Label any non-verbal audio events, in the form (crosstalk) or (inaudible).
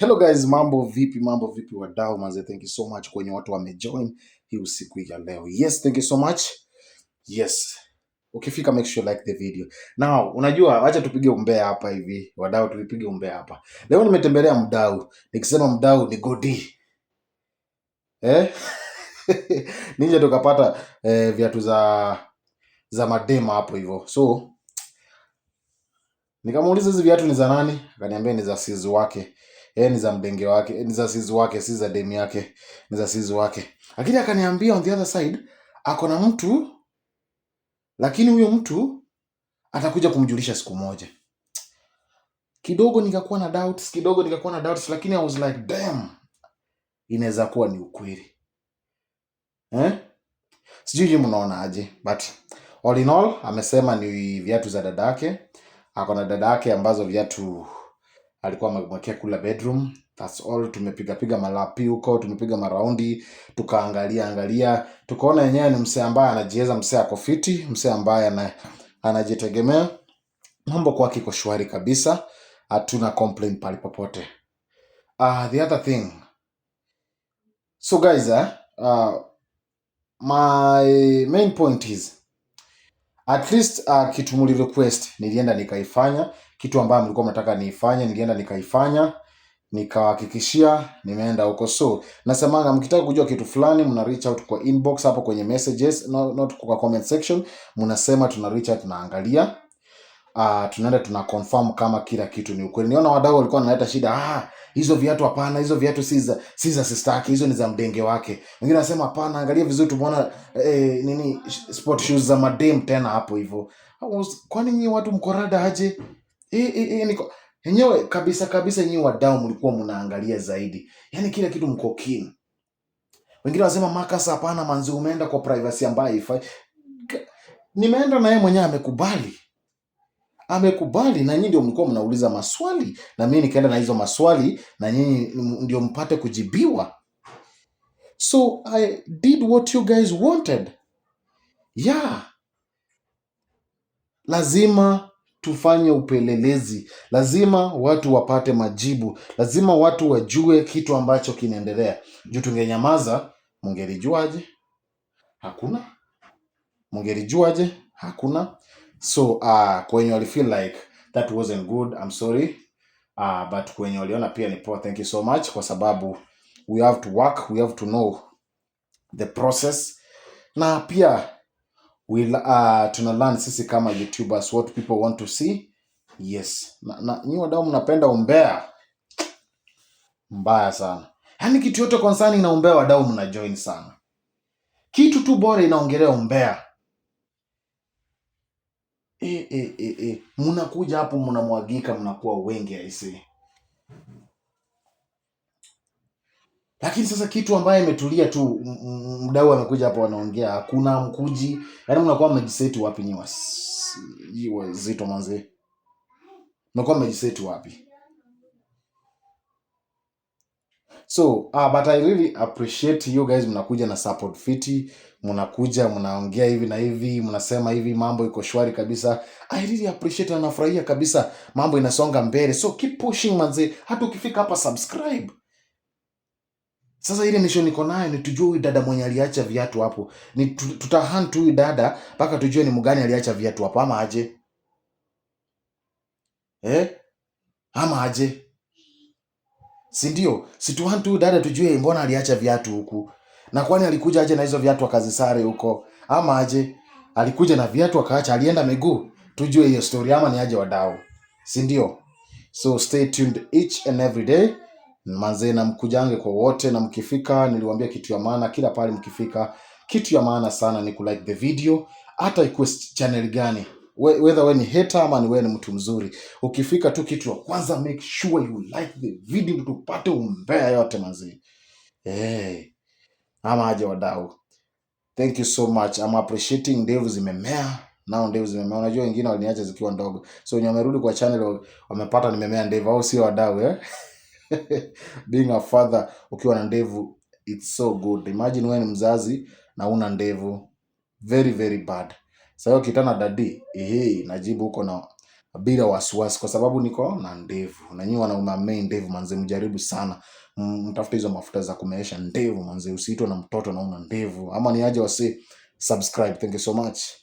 Hello guys, mambo vipi? Mambo vipi wadau? Manze, thank you so much kwenye watu wamejoin hii usiku ya leo. Yes, thank you so much. Yes, ukifika make sure like the video. Now unajua, acha tupige umbea hapa hivi wadau, tulipige umbea hapa leo. Nimetembelea mdau, nikisema mdau ni Godi eh? (laughs) Ninja tukapata eh, viatu za za madema hapo hivyo, so nikamuuliza hizi viatu ni za nani? Akaniambia ni za sizu wake e, ni za mdenge wake ni za sizi wake, si za demi yake, ni za sizi wake. Lakini akaniambia on the other side ako na mtu, lakini huyo mtu atakuja kumjulisha siku moja. Kidogo nikakuwa na doubts, kidogo nikakuwa na doubts, lakini I was like damn, inaweza kuwa ni ukweli eh? Sijui mnaona aje, but all in all amesema ni viatu za dadake, ako na dadake ambazo viatu alikuwa amemwekea kula bedroom. That's all. Tumepiga piga malapi huko, tumepiga maraundi, tukaangalia angalia, tukaona yenyewe ni msee ambaye anajiweza, msee ako fiti, msee ambaye anajitegemea. Mambo kwake iko shwari kabisa, hatuna complain pale popote. ah Uh, the other thing so guys uh, uh, my main point is at least uh, kitu muli request nilienda nikaifanya kitu ambayo mlikuwa mnataka niifanye, nilienda nikaifanya, nikahakikishia, nimeenda huko. So nasemanga mkitaka kujua kitu fulani, mna reach out kwa inbox hapo kwenye messages, not, not kwa comment section, mnasema tuna reach out, tunaangalia Uh, tunaenda tuna confirm kama kila kitu ni ukweli. Niona wadau walikuwa wanaleta shida, ah, hizo viatu hapana, hizo viatu si za si za sister yake, hizo ni za mdenge wake. Wengine wanasema hapana, angalia vizuri, tumeona eh, nini sport shoes za madem tena hapo hivyo. Kwani nyinyi watu mko rada aje? enyewe niko yenyewe kabisa kabisa, nyinyi wadau mlikuwa mnaangalia zaidi, yaani kila kitu mko keen. Wengine wanasema Marcus, hapana manzi, umeenda kwa privacy ambayo haifai. Nimeenda na yeye mwenyewe amekubali, amekubali, na nyinyi ndio mlikuwa mnauliza maswali na mimi nikaenda na hizo maswali, na nyinyi ndio mpate kujibiwa. So I did what you guys wanted. Yeah, lazima tufanye upelelezi, lazima watu wapate majibu, lazima watu wajue kitu ambacho kinaendelea. Juu tungenyamaza, mungelijuaje? Hakuna, mungelijuaje? Hakuna. So uh, kwenye wali feel like that wasn't good, I'm sorry uh, but kwenye waliona pia ni poa, thank you so much, kwa sababu we have to work, we have to know the process na pia we uh, tuna learn sisi kama YouTubers what people want to see. Yes, na, na wadau mnapenda umbea mbaya sana, yaani kitu yote concerning na umbea wadau join sana, kitu tu bora inaongelea umbea e, e, e, e. Mnakuja hapo mnamwagika, mnakuwa wengi aisee. Lakini sasa kitu ambaye imetulia tu, mdau amekuja hapo, wanaongea hakuna mkuji, yaani mnakuwa mmejiseti wapi nyi wazito manze? Mnakuwa mmejiseti wapi? So uh, but I really appreciate you guys, mnakuja na support fiti, mnakuja mnaongea hivi na hivi, mnasema hivi, mambo iko shwari kabisa. I really appreciate na nafurahia kabisa, mambo inasonga mbele, so keep pushing manze, hata ukifika hapa subscribe sasa ile mission niko nayo ni tujue huyu dada mwenye aliacha viatu hapo. Ni tutahunt huyu dada mpaka tujue ni mgani aliacha viatu hapo ama aje. Eh? Ama aje. Si ndio? Si tuhunt huyu dada tujue mbona aliacha viatu huku. Na kwani alikuja aje na hizo viatu akazisare huko ama aje? Alikuja na viatu akaacha alienda miguu. Tujue hiyo story ama ni aje wadau. Si ndio? So stay tuned each and every day. Manze, na mkujange kwa wote, na mkifika, niliwaambia kitu ya maana kila pale mkifika, kitu ya maana sana ni kulike the video, hata ikuwe channel gani whether we ni hater ama ni wewe ni mtu mzuri, ukifika tu kitu ya kwanza make sure you like the video ndio tupate umbea yote manzi. Eh, Hey. ama aje wadau. Thank you so much. I'm appreciating ndevu zimemea. Nao ndevu zimemea. Unajua wengine waliniacha zikiwa ndogo. So wenye wamerudi kwa channel wamepata nimemea ndevu au sio wadau eh? (laughs) (laughs) Being a father ukiwa na ndevu it's so good. Imagine wewe ni mzazi na una ndevu. Very very bad. Sasa so, kitana dadi, ehe, najibu huko na bila wasiwasi kwa sababu niko na ndevu. Na nyinyi wanaume ndevu manze mjaribu sana. mtafuta hizo mafuta za kumeesha ndevu manze usiitwe na mtoto na una ndevu. Ama niaje wase subscribe. Thank you so much.